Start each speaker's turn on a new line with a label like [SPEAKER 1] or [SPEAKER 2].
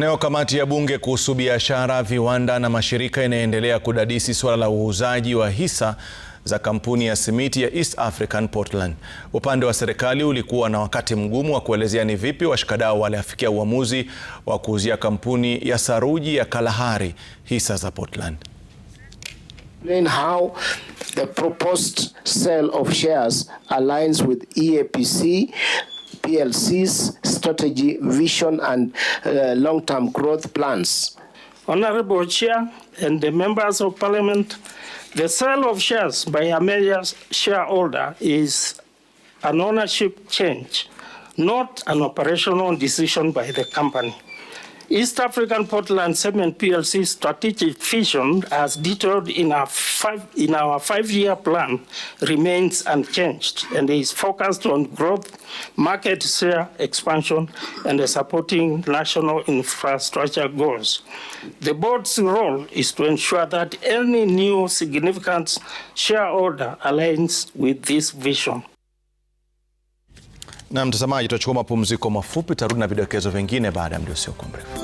[SPEAKER 1] Nayo kamati ya bunge kuhusu biashara, viwanda na mashirika inaendelea kudadisi suala la uuzaji wa hisa za kampuni ya simiti ya East African Portland. Upande wa serikali ulikuwa na wakati mgumu wa kuelezea ni vipi washikadau waliafikia uamuzi wa kuuzia kampuni ya saruji ya Kalahari hisa za Portland.
[SPEAKER 2] How the proposed sale of shares aligns with EAPC PLC's strategy, vision and uh, long-term growth plans.
[SPEAKER 3] Honorable Chair and the members of Parliament, the sale of shares by a major shareholder is an ownership change, not an operational decision by the company. East African Portland Cement PLC strategic vision, as detailed in our five, in our five-year plan, remains unchanged and is focused on growth, market share expansion, and supporting national infrastructure goals. The board's role is to ensure that any new significant shareholder aligns with this vision. Na mtazamaji, tutachukua mapumziko mafupi, tarudi na vidokezo vingine baada ya muda usiokuwa mrefu.